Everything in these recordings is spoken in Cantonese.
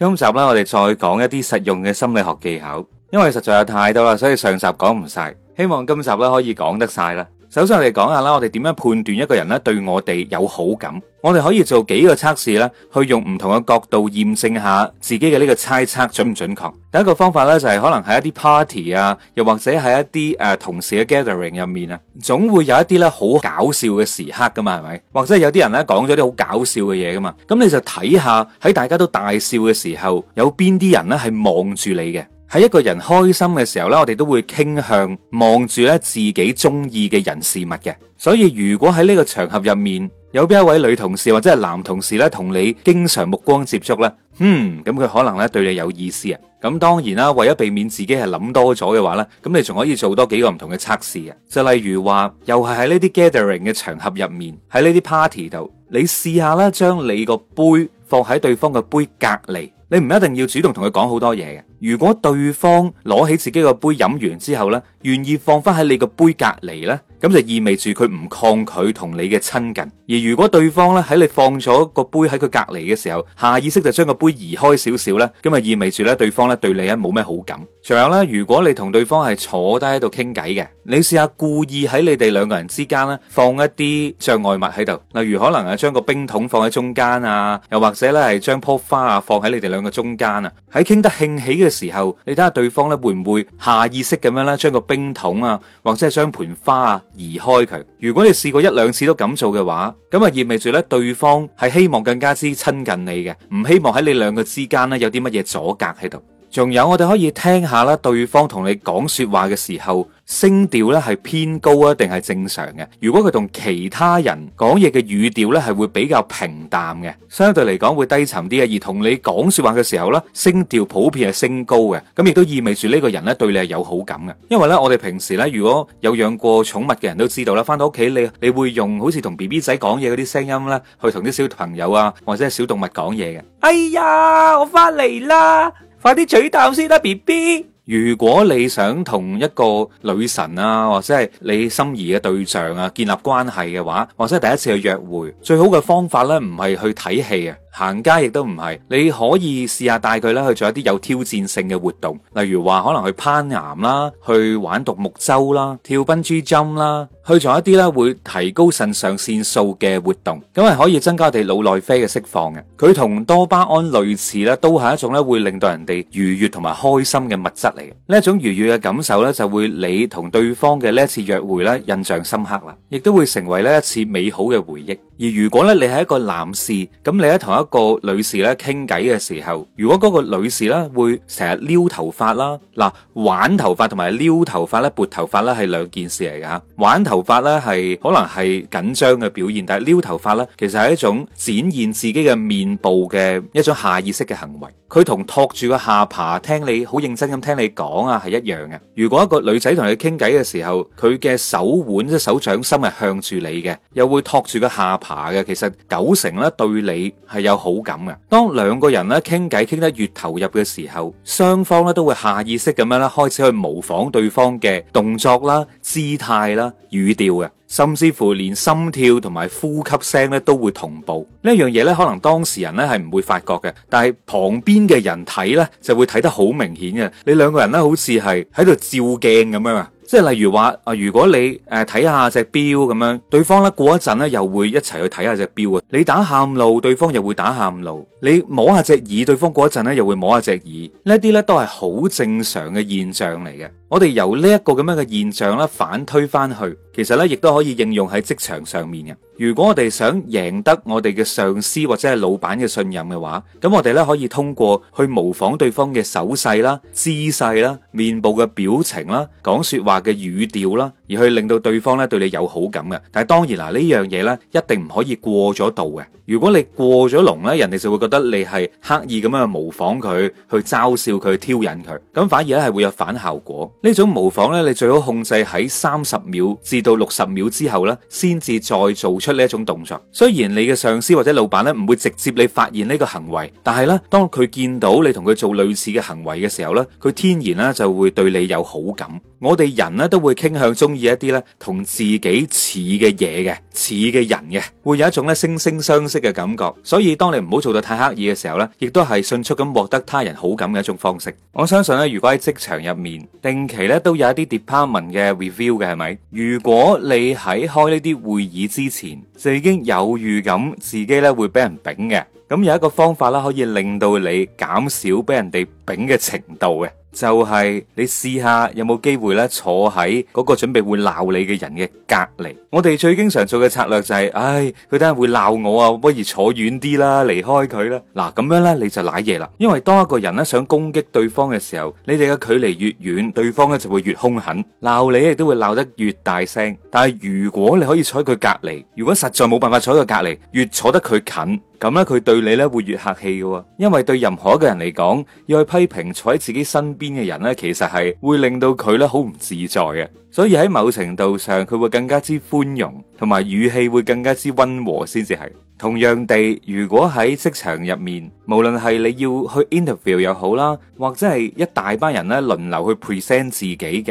今集呢，我哋再講一啲實用嘅心理學技巧，因為實在有太多啦，所以上集講唔晒，希望今集呢可以講得晒啦。首先我哋講下啦，我哋點樣判斷一個人咧對我哋有好感？我哋可以做幾個測試咧，去用唔同嘅角度驗證下自己嘅呢個猜測準唔準確？第一個方法咧就係可能喺一啲 party 啊，又或者喺一啲誒、啊、同事嘅 gathering 入面啊，總會有一啲咧好搞笑嘅時刻噶嘛，係咪？或者有啲人咧講咗啲好搞笑嘅嘢噶嘛，咁你就睇下喺大家都大笑嘅時候，有邊啲人咧係望住你嘅。喺一個人開心嘅時候呢，我哋都會傾向望住呢自己中意嘅人事物嘅。所以如果喺呢個場合入面有邊一位女同事或者係男同事呢，同你經常目光接觸呢？嗯，咁佢可能呢對你有意思啊。咁當然啦，為咗避免自己係諗多咗嘅話呢，咁你仲可以做多幾個唔同嘅測試啊。就例如話，又係喺呢啲 gathering 嘅場合入面，喺呢啲 party 度，你試下呢，將你個杯放喺對方嘅杯隔籬。你唔一定要主動同佢講好多嘢嘅。如果對方攞起自己個杯飲完之後呢，願意放翻喺你個杯隔離呢，咁就意味住佢唔抗拒同你嘅親近。而如果對方呢，喺你放咗個杯喺佢隔離嘅時候，下意識就將個杯移開少少呢，咁啊意味住呢對方呢對你咧冇咩好感。仲有咧，如果你同對方係坐低喺度傾偈嘅，你試下故意喺你哋兩個人之間咧放一啲障礙物喺度，例如可能係將個冰桶放喺中間啊，又或者咧係將棵花啊放喺你哋兩個中間啊，喺傾得興起嘅時候，你睇下對方咧會唔會下意識咁樣咧將個冰桶啊或者係將盆花啊移開佢？如果你試過一兩次都咁做嘅話，咁啊意味住咧對方係希望更加之親近你嘅，唔希望喺你兩個之間咧有啲乜嘢阻隔喺度。仲有，我哋可以聽下啦。對方同你講說話嘅時候，聲調咧係偏高啊，定係正常嘅？如果佢同其他人講嘢嘅語調咧係會比較平淡嘅，相對嚟講會低沉啲啊。而同你講說話嘅時候咧，聲調普遍係升高嘅，咁亦都意味住呢個人咧對你係有好感嘅。因為咧，我哋平時咧如果有養過寵物嘅人都知道啦，翻到屋企你，你會用好似同 BB 仔講嘢嗰啲聲音咧，去同啲小朋友啊或者係小動物講嘢嘅。哎呀，我翻嚟啦！快啲嘴啖先啦，B B。如果你想同一個女神啊，或者係你心儀嘅對象啊，建立關係嘅話，或者係第一次去約會，最好嘅方法呢，唔係去睇戲啊。行街亦都唔係，你可以試下帶佢咧去做一啲有挑戰性嘅活動，例如話可能去攀岩啦，去玩獨木舟啦，跳笨豬跳啦，去做一啲咧會提高腎上腺素嘅活動，咁係可以增加我哋腦內啡嘅釋放嘅。佢同多巴胺類似咧，都係一種咧會令到人哋愉悅同埋開心嘅物質嚟嘅。呢一種愉悅嘅感受咧，就會你同對方嘅呢一次約會咧印象深刻啦，亦都會成為呢一次美好嘅回憶。而如果咧你係一個男士，咁你喺同一個女士咧傾偈嘅時候，如果嗰個女士咧會成日撩頭髮啦，嗱玩頭髮同埋撩頭髮咧撥頭髮咧係兩件事嚟㗎。玩頭髮咧係可能係緊張嘅表現，但係撩頭髮咧其實係一種展現自己嘅面部嘅一種下意識嘅行為。佢同托住個下巴聽你好認真咁聽你講啊係一樣嘅。如果一個女仔同你傾偈嘅時候，佢嘅手腕即手掌心係向住你嘅，又會托住個下巴。下嘅其實九成咧對你係有好感嘅。當兩個人咧傾偈傾得越投入嘅時候，雙方咧都會下意識咁樣啦，開始去模仿對方嘅動作啦、姿態啦、語調嘅，甚至乎連心跳同埋呼吸聲咧都會同步。呢一樣嘢咧，可能當事人咧係唔會發覺嘅，但係旁邊嘅人睇咧就會睇得好明顯嘅。你兩個人咧好似係喺度照鏡咁樣啊！即係例如話啊，如果你誒睇下隻表咁樣，對方咧過一陣咧又會一齊去睇下隻表啊。你打喊路，對方又會打喊路。你摸下隻耳，對方過一陣咧又會摸下隻耳。呢啲咧都係好正常嘅現象嚟嘅。我哋由呢一個咁樣嘅現象咧反推返去，其實咧亦都可以應用喺職場上面嘅。如果我哋想贏得我哋嘅上司或者係老闆嘅信任嘅話，咁我哋咧可以通過去模仿對方嘅手勢啦、姿勢啦、面部嘅表情啦、講說話嘅語調啦，而去令到對方咧對你有好感嘅。但係當然啦，呢樣嘢咧一定唔可以過咗度嘅。如果你過咗籠咧，人哋就會覺得你係刻意咁樣去模仿佢，去嘲笑佢、挑釁佢，咁反而咧係會有反效果。呢種模仿咧，你最好控制喺三十秒至到六十秒之後咧，先至再做出呢一種動作。雖然你嘅上司或者老闆咧唔會直接你發現呢個行為，但係咧，當佢見到你同佢做類似嘅行為嘅時候咧，佢天然咧就會對你有好感。我哋人咧都會傾向中意一啲咧同自己似嘅嘢嘅似嘅人嘅，會有一種咧惺惺相惜嘅感覺。所以當你唔好做得太刻意嘅時候咧，亦都係迅速咁獲得他人好感嘅一種方式。我相信咧，如果喺職場入面定。期咧都有一啲 department 嘅 review 嘅係咪？如果你喺開呢啲會議之前就已經有預感自己咧會俾人丙嘅，咁有一個方法咧可以令到你減少俾人哋丙嘅程度嘅。就係你試下有冇機會咧坐喺嗰個準備會鬧你嘅人嘅隔籬。我哋最經常做嘅策略就係、是，唉、哎，佢等下會鬧我啊，我不如坐遠啲啦，離開佢啦。嗱，咁樣呢，你就瀨嘢啦。因為當一個人咧想攻擊對方嘅時候，你哋嘅距離越遠，對方咧就會越兇狠，鬧你亦都會鬧得越大聲。但係如果你可以坐喺佢隔籬，如果實在冇辦法坐喺佢隔籬，越坐得佢近。咁咧，佢對你咧會越客氣嘅，因為對任何一個人嚟講，要去批評坐喺自己身邊嘅人咧，其實係會令到佢咧好唔自在嘅。所以喺某程度上，佢會更加之寬容，同埋語氣會更加之温和，先至係。同樣地，如果喺職場入面，無論係你要去 interview 又好啦，或者係一大班人咧輪流去 present 自己嘅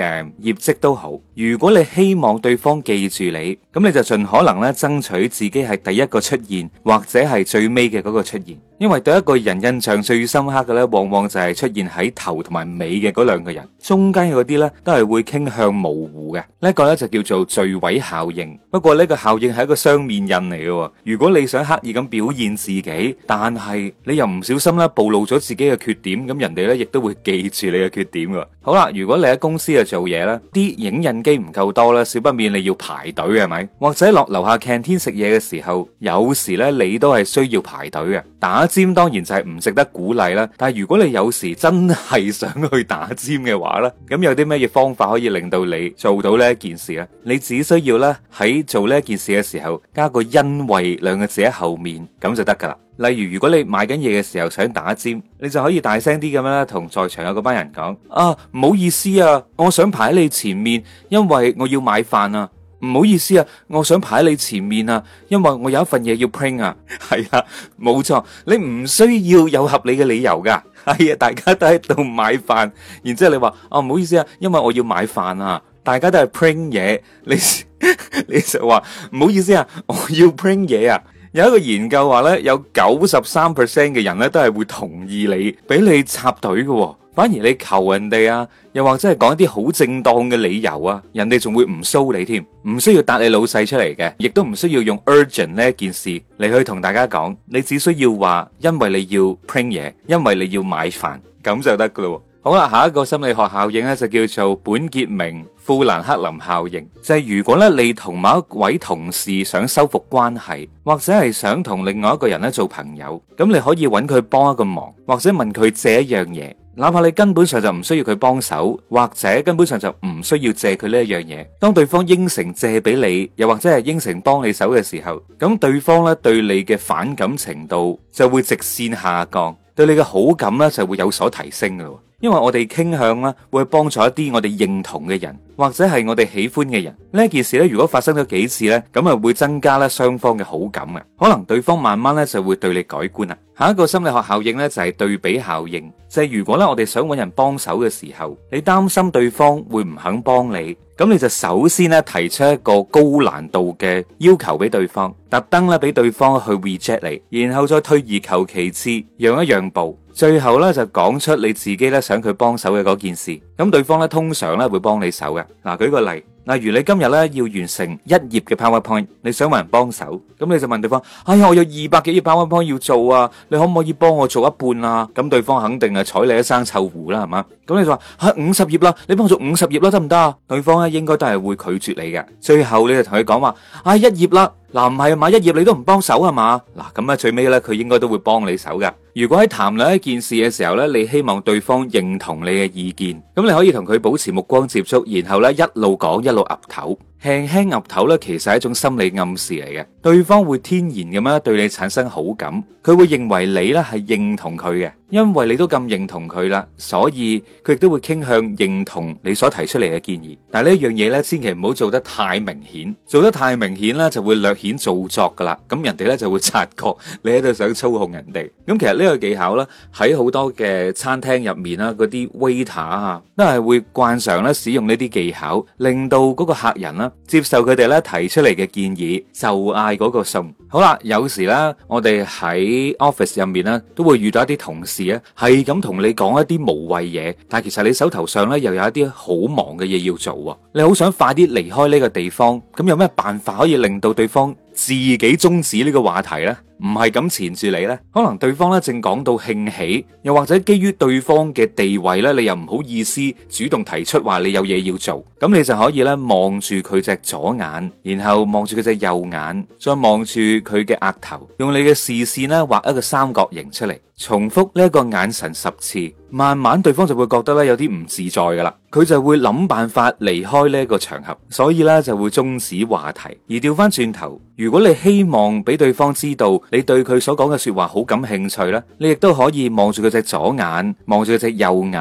業績都好，如果你希望對方記住你，咁你就盡可能咧爭取自己係第一個出現，或者係最尾嘅嗰個出現，因為對一個人印象最深刻嘅咧，往往就係出現喺頭同埋尾嘅嗰兩個人，中間嘅嗰啲咧都係會傾向模糊嘅。呢一個咧就叫做序位效應。不過呢個效應係一個雙面印嚟嘅喎，如果你想，刻意咁表現自己，但係你又唔小心咧暴露咗自己嘅缺點，咁人哋咧亦都會記住你嘅缺點㗎。好啦，如果你喺公司度做嘢咧，啲影印機唔夠多咧，少不免你要排隊係咪？或者落樓下 canteen 食嘢嘅時候，有時咧你都係需要排隊嘅。打尖當然就係唔值得鼓勵啦。但係如果你有時真係想去打尖嘅話咧，咁有啲咩嘢方法可以令到你做到呢一件事咧？你只需要咧喺做呢一件事嘅時候加個因為兩個字。喺後面咁就得噶啦。例如如果你買緊嘢嘅時候想打尖，你就可以大聲啲咁啦，同在場有嗰班人講啊，唔好意思啊，我想排喺你前面，因為我要買飯啊。唔好意思啊，我想排喺你前面啊，因為我有一份嘢要 print 啊。係啊，冇錯，你唔需要有合理嘅理由噶。係啊，大家都喺度買飯，然之後你話啊，唔好意思啊，因為我要買飯啊。大家都係 print 嘢，你 你就話唔好意思啊，我要 print 嘢啊。有一個研究話咧，有九十三 percent 嘅人咧都係會同意你俾你插隊嘅，哦，反而你求人哋啊，又或者係講一啲好正當嘅理由啊，人哋仲會唔騷你添，唔需要搭你老細出嚟嘅，亦都唔需要用 urgent 呢一件事嚟去同大家講，你只需要話因為你要 print 嘢，因為你要買飯咁就得噶咯。好啦，下一個心理學效應咧就叫做本傑明富蘭克林效應。就係如果咧你同某一位同事想修復關係，或者係想同另外一個人咧做朋友，咁你可以搵佢幫一個忙，或者問佢借一樣嘢，哪怕你根本上就唔需要佢幫手，或者根本上就唔需要借佢呢一樣嘢。當對方應承借俾你，又或者係應承幫你手嘅時候，咁對方咧對你嘅反感程度就會直線下降，對你嘅好感咧就會有所提升噶。因為我哋傾向啦，會幫助一啲我哋認同嘅人，或者係我哋喜歡嘅人。呢件事咧，如果發生咗幾次咧，咁啊會增加咧雙方嘅好感啊。可能對方慢慢咧就會對你改觀啊。下一個心理學效應咧就係對比效應，就係如果咧我哋想搵人幫手嘅時候，你擔心對方會唔肯幫你，咁你就首先咧提出一個高難度嘅要求俾對方，特登咧俾對方去 reject 你，然後再退而求其次，讓一讓步。最後咧就講出你自己咧想佢幫手嘅嗰件事，咁對方咧通常咧會幫你手嘅。嗱，舉個例，例如你今日咧要完成一頁嘅 PowerPoint，你想為人幫手，咁你就問對方：哎呀，我有二百幾頁 PowerPoint 要做啊，你可唔可以幫我做一半啊？咁對方肯定係睬你一生臭狐啦，係嘛？咁你就話：吓，五十頁啦，你幫我做五十頁啦，得唔得啊？對方咧應該都係會拒絕你嘅。最後你就同佢講話：哎，一頁啦，嗱，唔係啊嘛，一頁你都唔幫手係嘛？嗱，咁咧最尾咧佢應該都會幫你手嘅。如果喺談兩件事嘅時候咧，你希望對方認同你嘅意見，咁你可以同佢保持目光接觸，然後咧一路講一路岌頭。輕輕岌頭咧，其實係一種心理暗示嚟嘅，對方會天然咁樣對你產生好感，佢會認為你咧係認同佢嘅，因為你都咁認同佢啦，所以佢亦都會傾向認同你所提出嚟嘅建議。但係呢一樣嘢咧，千祈唔好做得太明顯，做得太明顯咧，就會略顯做作噶啦，咁人哋咧就會察覺你喺度想操控人哋。咁其實呢個技巧咧，喺好多嘅餐廳入面啦，嗰啲 waiter 啊，都係會慣常咧使用呢啲技巧，令到嗰個客人啦。接受佢哋咧提出嚟嘅建議，就嗌嗰個送。好啦，有時咧，我哋喺 office 入面咧，都會遇到一啲同事啊，係咁同你講一啲無謂嘢，但係其實你手頭上咧又有一啲好忙嘅嘢要做，你好想快啲離開呢個地方，咁有咩辦法可以令到對方？自己終止呢個話題呢，唔係咁纏住你呢。可能對方呢，正講到興起，又或者基於對方嘅地位呢，你又唔好意思主動提出話你有嘢要做，咁你就可以呢，望住佢隻左眼，然後望住佢隻右眼，再望住佢嘅額頭，用你嘅視線呢，畫一個三角形出嚟。重複呢一個眼神十次，慢慢對方就會覺得咧有啲唔自在噶啦，佢就會諗辦法離開呢一個場合，所以咧就會終止話題。而調翻轉頭，如果你希望俾對方知道你對佢所講嘅說話好感興趣咧，你亦都可以望住佢隻左眼，望住佢隻右眼，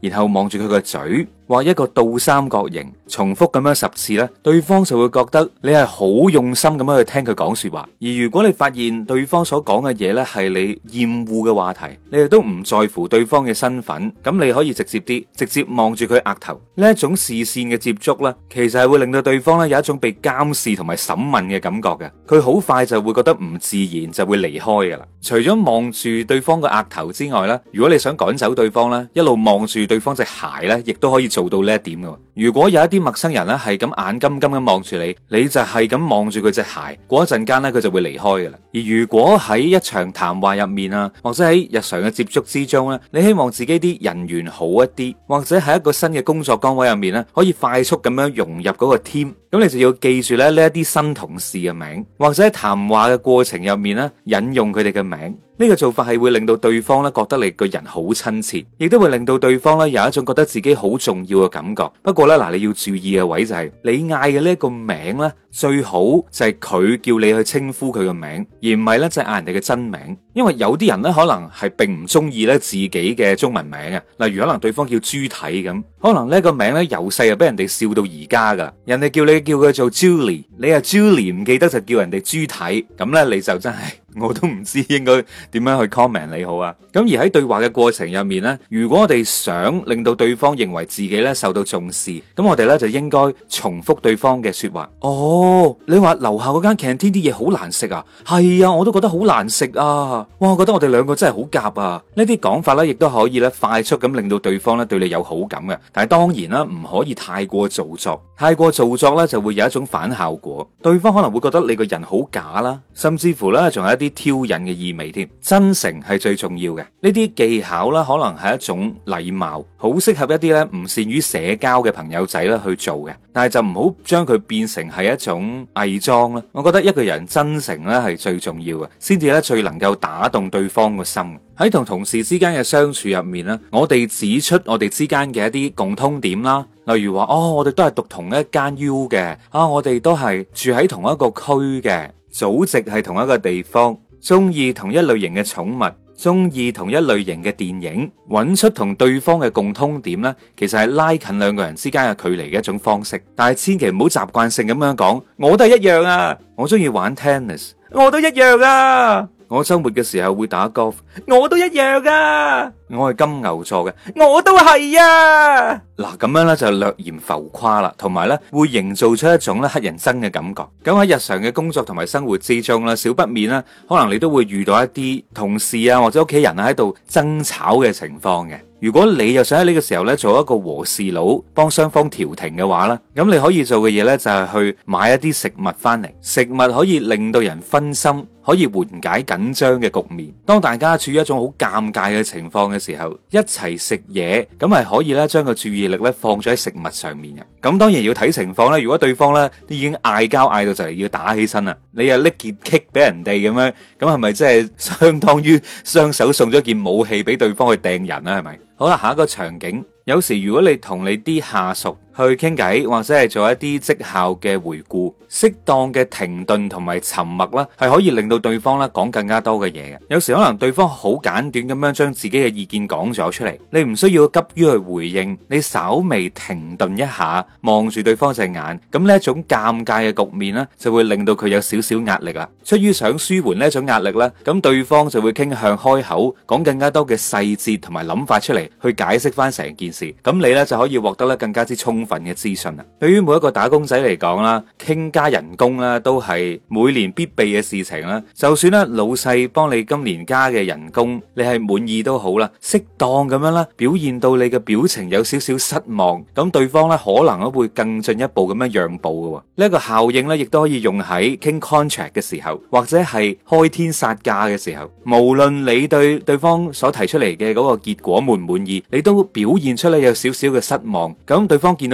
然後望住佢個嘴。畫一個倒三角形，重複咁樣十次咧，對方就會覺得你係好用心咁樣去聽佢講說話。而如果你發現對方所講嘅嘢咧係你厭惡嘅話題，你亦都唔在乎對方嘅身份，咁你可以直接啲，直接望住佢額頭。呢一種視線嘅接觸咧，其實係會令到對方咧有一種被監視同埋審問嘅感覺嘅。佢好快就會覺得唔自然，就會離開噶啦。除咗望住對方個額頭之外咧，如果你想趕走對方咧，一路望住對方隻鞋咧，亦都可以。做到呢一點㗎。如果有一啲陌生人咧，係咁眼金金咁望住你，你就係咁望住佢隻鞋。過一陣間咧，佢就會離開嘅啦。而如果喺一場談話入面啊，或者喺日常嘅接觸之中咧，你希望自己啲人緣好一啲，或者喺一個新嘅工作崗位入面咧，可以快速咁樣融入嗰個 team，咁你就要記住咧呢一啲新同事嘅名，或者喺談話嘅過程入面咧引用佢哋嘅名。呢個做法係會令到對方咧覺得你個人好親切，亦都會令到對方咧有一種覺得自己好重要嘅感覺。不過，啦，嗱，你要注意嘅位就係你嗌嘅呢一個名呢，最好就係佢叫你去稱呼佢個名，而唔係呢就係嗌人哋嘅真名，因為有啲人呢可能係並唔中意呢自己嘅中文名嘅，例如可能對方叫朱體咁，可能呢個名呢由細就俾人哋笑到而家噶，人哋叫你叫佢做 Julie，你啊 Julie 唔記得就叫人哋朱體，咁呢，你就真係。我都唔知應該點樣去 comment 你好啊。咁而喺對話嘅過程入面呢，如果我哋想令到對方認為自己呢受到重視，咁我哋呢就應該重複對方嘅說話。哦，你話樓下嗰間 canteen 啲嘢好難食啊？係啊，我都覺得好難食啊。哇，我覺得我哋兩個真係好夾啊！呢啲講法呢亦都可以呢快速咁令到對方呢對你有好感嘅。但係當然啦，唔可以太過做作，太過做作呢就會有一種反效果。對方可能會覺得你個人好假啦，甚至乎呢仲有一啲。啲挑釁嘅意味添，真誠係最重要嘅。呢啲技巧啦，可能係一種禮貌，好適合一啲咧唔善於社交嘅朋友仔啦去做嘅。但係就唔好將佢變成係一種偽裝啦。我覺得一個人真誠咧係最重要嘅，先至咧最能夠打動對方個心。喺同同事之間嘅相處入面咧，我哋指出我哋之間嘅一啲共通點啦，例如話哦，我哋都係讀同一間 U 嘅，啊、哦，我哋都係住喺同一個區嘅。祖籍係同一個地方，中意同一類型嘅寵物，中意同一類型嘅電影，搵出同對方嘅共通點呢，其實係拉近兩個人之間嘅距離嘅一種方式。但係千祈唔好習慣性咁樣講，我都係一樣啊，我中意玩 tennis，我都一樣啊，我周末嘅時候會打 golf，我都一樣啊。我係金牛座嘅，我都係啊！嗱，咁樣咧就略嫌浮誇啦，同埋咧會營造出一種咧黑人憎嘅感覺。咁喺日常嘅工作同埋生活之中咧，少不免啦，可能你都會遇到一啲同事啊或者屋企人啊喺度爭吵嘅情況嘅。如果你又想喺呢個時候咧做一個和事佬，幫雙方調停嘅話咧，咁你可以做嘅嘢咧就係去買一啲食物翻嚟，食物可以令到人分心，可以緩解緊張嘅局面。當大家處於一種好尷尬嘅情況嘅時候一齊食嘢咁係可以咧將個注意力咧放咗喺食物上面嘅，咁當然要睇情況啦。如果對方咧已經嗌交嗌到就嚟要打起身啦，你又拎件棘俾人哋咁樣，咁係咪即係相當於雙手送咗件武器俾對方去掟人呀？係咪？好啦，下一個場景，有時如果你同你啲下屬。去傾偈，或者係做一啲績效嘅回顧，適當嘅停頓同埋沉默啦，係可以令到對方啦講更加多嘅嘢嘅。有時可能對方好簡短咁樣將自己嘅意見講咗出嚟，你唔需要急於去回應，你稍微停頓一下，望住對方隻眼，咁呢一種尷尬嘅局面咧，就會令到佢有少少壓力啦。出於想舒緩呢一種壓力咧，咁對方就會傾向開口講更加多嘅細節同埋諗法出嚟，去解釋翻成件事。咁你咧就可以獲得咧更加之充。份嘅資訊啊，對於每一個打工仔嚟講啦，傾加人工咧都係每年必備嘅事情啦。就算咧老細幫你今年加嘅人工，你係滿意都好啦，適當咁樣咧表現到你嘅表情有少少失望，咁對方咧可能都會更進一步咁樣讓步嘅喎。呢一個效應咧，亦都可以用喺傾 contract 嘅時候，或者係開天殺價嘅時候。無論你對對方所提出嚟嘅嗰個結果滿唔滿意，你都表現出咧有少少嘅失望，咁對方見到。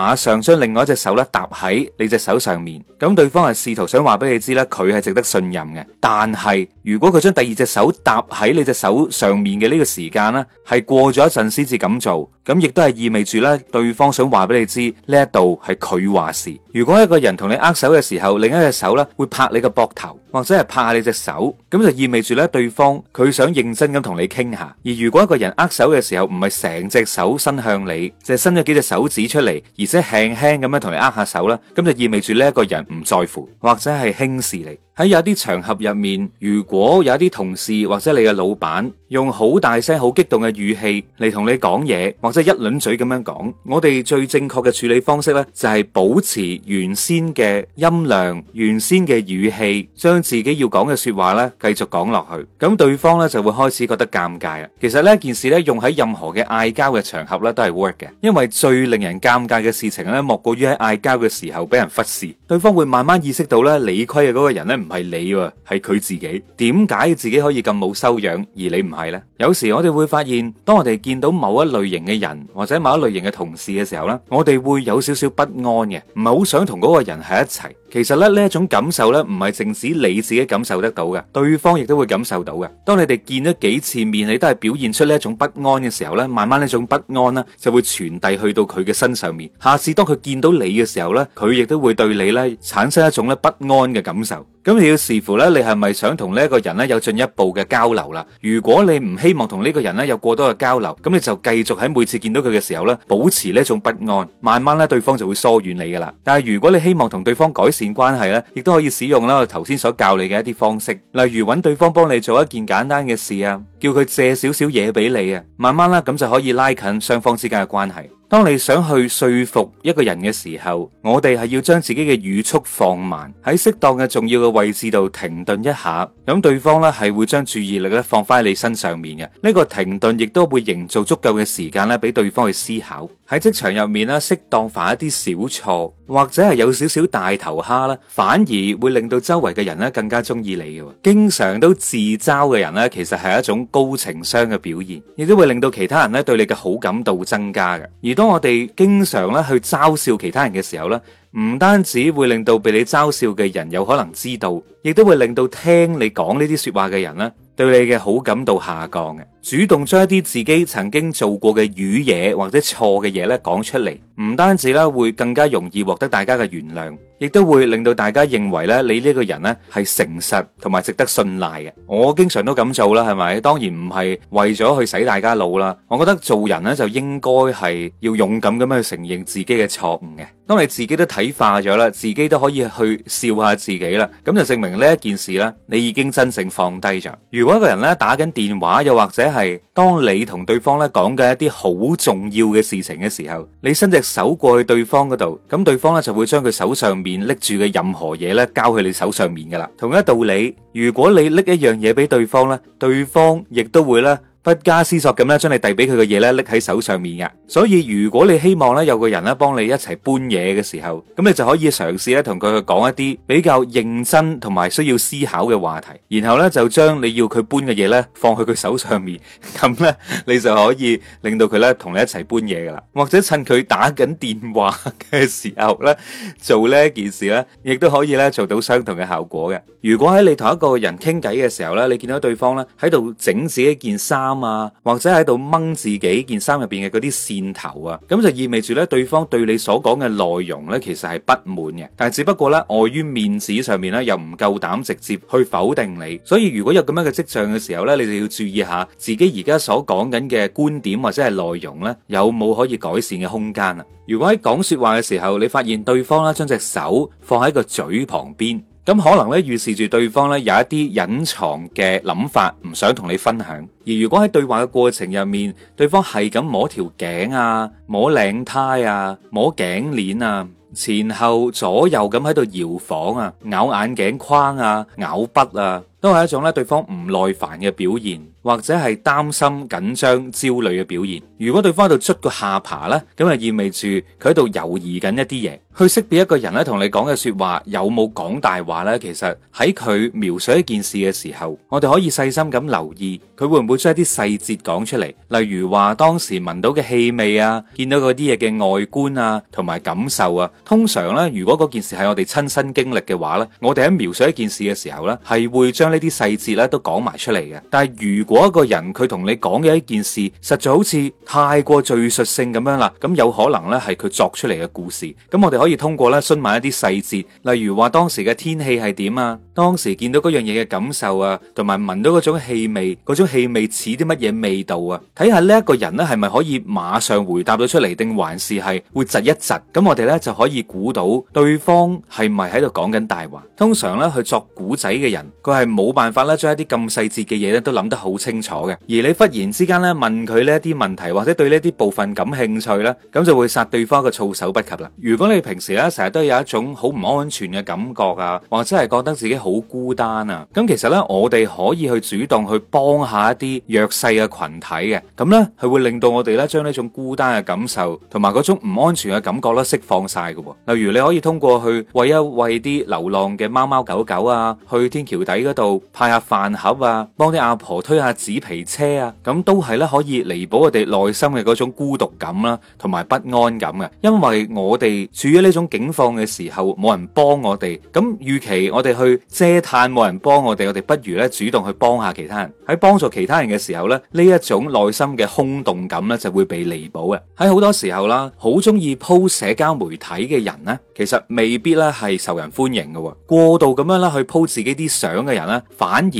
馬上將另外一隻手咧搭喺你隻手上面，咁對方係試圖想話俾你知咧，佢係值得信任嘅。但係如果佢將第二隻手搭喺你隻手上面嘅呢個時間咧，係過咗一陣先至咁做，咁亦都係意味住咧，對方想話俾你知呢一度係佢話事。如果一個人同你握手嘅時候，另一隻手咧會拍你個膊頭，或者係拍下你隻手，咁就意味住咧，對方佢想認真咁同你傾下。而如果一個人握手嘅時候唔係成隻手伸向你，就係伸咗幾隻手指出嚟而。即輕輕咁樣同你握下手啦，咁就意味住呢一個人唔在乎，或者係輕視你。喺有一啲場合入面，如果有一啲同事或者你嘅老闆用好大聲、好激動嘅語氣嚟同你講嘢，或者一輪嘴咁樣講，我哋最正確嘅處理方式呢，就係保持原先嘅音量、原先嘅語氣，將自己要講嘅說話呢繼續講落去。咁對方呢就會開始覺得尷尬啦。其實呢一件事呢，用喺任何嘅嗌交嘅場合呢都係 work 嘅，因為最令人尷尬嘅事情呢，莫過於喺嗌交嘅時候俾人忽視。對方會慢慢意識到呢，理虧嘅嗰個人呢唔。係你喎，係佢自己。點解自己可以咁冇修養，而你唔係咧？有時我哋會發現，當我哋見到某一類型嘅人，或者某一類型嘅同事嘅時候咧，我哋會有少少不安嘅，唔係好想同嗰個人喺一齊。其實咧，呢一種感受咧，唔係淨止你自己感受得到嘅，對方亦都會感受到嘅。當你哋見咗幾次面，你都係表現出呢一種不安嘅時候咧，慢慢呢種不安呢就會傳遞去到佢嘅身上面。下次當佢見到你嘅時候咧，佢亦都會對你咧產生一種咧不安嘅感受。咁你要視乎咧，你係咪想同呢一個人咧有進一步嘅交流啦？如果你唔希望同呢個人咧有過多嘅交流，咁你就繼續喺每次見到佢嘅時候咧保持呢一種不安，慢慢咧對方就會疏遠你噶啦。但係如果你希望同對方改善，關係咧，亦都可以使用啦。我頭先所教你嘅一啲方式，例如搵對方幫你做一件簡單嘅事啊，叫佢借少少嘢俾你啊，慢慢啦，咁就可以拉近雙方之間嘅關係。當你想去說服一個人嘅時候，我哋係要將自己嘅語速放慢，喺適當嘅重要嘅位置度停頓一下，咁對方咧係會將注意力咧放翻喺你身上面嘅。呢個停頓亦都會營造足夠嘅時間咧，俾對方去思考。喺職場入面咧，適當犯一啲小錯，或者係有少少大頭蝦啦，反而會令到周圍嘅人咧更加中意你嘅。經常都自嘲嘅人咧，其實係一種高情商嘅表現，亦都會令到其他人咧對你嘅好感度增加嘅，而當我哋經常咧去嘲笑其他人嘅時候咧，唔單止會令到被你嘲笑嘅人有可能知道，亦都會令到聽你講呢啲說話嘅人咧，對你嘅好感度下降嘅。主動將一啲自己曾經做過嘅語嘢或者錯嘅嘢咧講出嚟，唔單止咧會更加容易獲得大家嘅原諒。亦都會令到大家認為咧，你呢個人咧係誠實同埋值得信賴嘅。我經常都咁做啦，係咪？當然唔係為咗去洗大家腦啦。我覺得做人咧就應該係要勇敢咁樣去承認自己嘅錯誤嘅。當你自己都睇化咗啦，自己都可以去笑下自己啦，咁就證明呢一件事咧，你已經真正放低咗。如果一個人咧打緊電話，又或者係當你同對方咧講緊一啲好重要嘅事情嘅時候，你伸隻手過去對方嗰度，咁對方咧就會將佢手上面拎住嘅任何嘢咧交去你手上面噶啦。同一道理，如果你拎一樣嘢俾對方咧，對方亦都會咧，不加思索咁咧，將你遞俾佢嘅嘢咧，拎喺手上面噶。所以如果你希望咧有個人咧幫你一齊搬嘢嘅時候，咁你就可以嘗試咧同佢講一啲比較認真同埋需要思考嘅話題，然後咧就將你要佢搬嘅嘢咧放喺佢手上面，咁咧你就可以令到佢咧同你一齊搬嘢噶啦。或者趁佢打緊電話嘅時候咧，做呢一件事咧，亦都可以咧做到相同嘅效果嘅。如果喺你同一個人傾偈嘅時候咧，你見到對方咧喺度整自己件衫。啊嘛，或者喺度掹自己件衫入邊嘅嗰啲線頭啊，咁就意味住咧，對方對你所講嘅內容咧，其實係不滿嘅。但係只不過咧，礙於面子上面咧，又唔夠膽直接去否定你。所以如果有咁樣嘅跡象嘅時候咧，你就要注意下自己而家所講緊嘅觀點或者係內容咧，有冇可以改善嘅空間啊？如果喺講說話嘅時候，你發現對方咧將隻手放喺個嘴旁邊。咁可能咧預示住對方咧有一啲隱藏嘅諗法，唔想同你分享。而如果喺對話嘅過程入面，對方係咁摸條頸啊，摸領呔啊，摸頸鏈啊，前後左右咁喺度搖晃啊，咬眼鏡框啊，咬筆啊。都係一種咧，對方唔耐煩嘅表現，或者係擔心、緊張、焦慮嘅表現。如果對方喺度捽個下巴咧，咁啊意味住佢喺度猶豫緊一啲嘢。去識別一個人咧，同你講嘅説話有冇講大話咧？其實喺佢描述一件事嘅時候，我哋可以細心咁留意佢會唔會將一啲細節講出嚟，例如話當時聞到嘅氣味啊，見到嗰啲嘢嘅外觀啊，同埋感受啊。通常咧，如果嗰件事係我哋親身經歷嘅話咧，我哋喺描述一件事嘅時候咧，係會將細節呢啲細節咧都講埋出嚟嘅，但係如果一個人佢同你講嘅一件事，實在好似太過敘述性咁樣啦，咁有可能咧係佢作出嚟嘅故事。咁我哋可以通過咧詢問一啲細節，例如話當時嘅天氣係點啊，當時見到嗰樣嘢嘅感受啊，同埋聞到嗰種氣味，嗰種氣味似啲乜嘢味道啊？睇下呢一個人咧係咪可以馬上回答到出嚟，定還是係會窒一窒？咁我哋咧就可以估到對方係咪喺度講緊大話。通常咧，佢作故仔嘅人，佢係冇冇辦法咧，將一啲咁細節嘅嘢，咧都諗得好清楚嘅。而你忽然之間咧問佢呢一啲問題，或者對呢啲部分感興趣呢，咁就會殺對方嘅措手不及啦。如果你平時咧成日都有一種好唔安全嘅感覺啊，或者係覺得自己好孤單啊，咁其實呢，我哋可以去主動去幫下一啲弱勢嘅群體嘅，咁呢，係會令到我哋咧將呢種孤單嘅感受同埋嗰種唔安全嘅感覺咧釋放晒嘅啊。例如你可以通過去餵一餵啲流浪嘅貓貓狗狗啊，去天橋底嗰度。派下飯盒啊，幫啲阿婆推下紙皮車啊，咁都係咧可以彌補我哋內心嘅嗰種孤獨感啦、啊，同埋不安感嘅。因為我哋處於呢種境況嘅時候，冇人幫我哋，咁與其我哋去嗟嘆冇人幫我哋，我哋不如咧主動去幫下其他人。喺幫助其他人嘅時候咧，呢一種內心嘅空洞感咧就會被彌補嘅。喺好多時候啦，好中意 po 社交媒體嘅人呢，其實未必咧係受人歡迎嘅。過度咁樣咧去 po 自己啲相嘅人咧，反而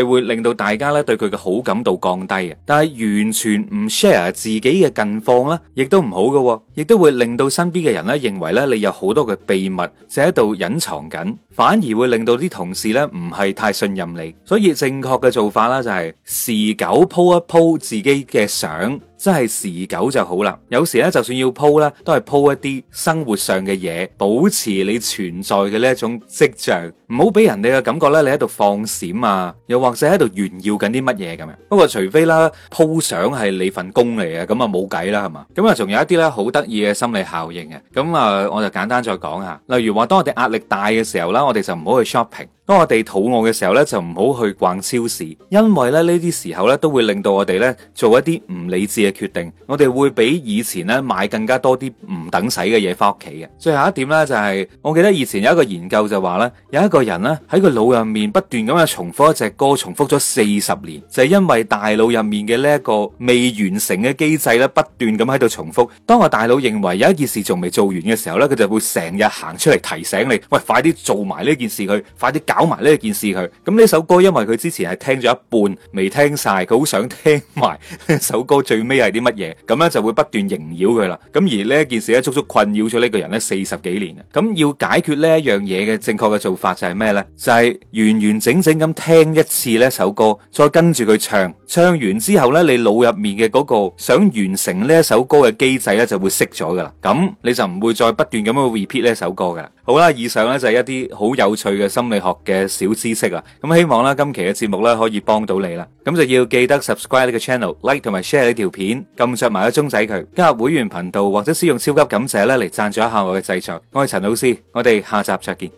係會令到大家咧對佢嘅好感度降低啊！但係完全唔 share 自己嘅近況咧，亦都唔好嘅，亦都會令到身邊嘅人咧認為咧你有好多嘅秘密，就喺度隱藏緊，反而會令到啲同事咧唔係太信任你。所以正確嘅做法啦，就係、是、時久 po 一 po 自己嘅相。真係時久就好啦。有時咧，就算要 po 咧，都係 po 一啲生活上嘅嘢，保持你存在嘅呢一種跡象，唔好俾人哋嘅感覺咧，你喺度放閃啊，又或者喺度炫耀緊啲乜嘢咁樣。不過除非啦，po 相係你份工嚟嘅，咁啊冇計啦，係嘛。咁啊，仲有一啲咧好得意嘅心理效應嘅，咁啊，我就簡單再講下。例如話，當我哋壓力大嘅時候啦，我哋就唔好去 shopping。當我哋肚餓嘅時候咧，就唔好去逛超市，因為咧呢啲時候咧都會令到我哋咧做一啲唔理智嘅決定。我哋會比以前咧買更加多啲唔等使嘅嘢翻屋企嘅。最後一點咧就係，我記得以前有一個研究就話咧，有一個人咧喺個腦入面不斷咁樣重複一隻歌，重複咗四十年，就係因為大腦入面嘅呢一個未完成嘅機制咧，不斷咁喺度重複。當我大腦認為有一件事仲未做完嘅時候咧，佢就會成日行出嚟提醒你，喂，快啲做埋呢件事去，快啲搞。講埋呢一件事佢，咁呢首歌因為佢之前係聽咗一半，未聽晒，佢好想聽埋首歌最尾係啲乜嘢，咁咧就會不斷縈繞佢啦。咁而呢一件事咧，足足困擾咗呢個人咧四十幾年啊。咁要解決呢一樣嘢嘅正確嘅做法就係咩咧？就係完完整整咁聽一次呢一首歌，再跟住佢唱，唱完之後咧，你腦入面嘅嗰個想完成呢一首歌嘅機制咧，就會識咗噶啦。咁你就唔會再不斷咁樣 repeat 呢一首歌噶啦。好啦，以上咧就係一啲好有趣嘅心理學。嘅小知識啊，咁希望啦，今期嘅節目咧可以幫到你啦，咁就要記得 subscribe 呢個 channel，like 同埋 share 呢條片，撳着埋個鐘仔佢，加入會員頻道，或者使用超級感謝咧嚟贊助一下我嘅製作。我係陳老師，我哋下集再見。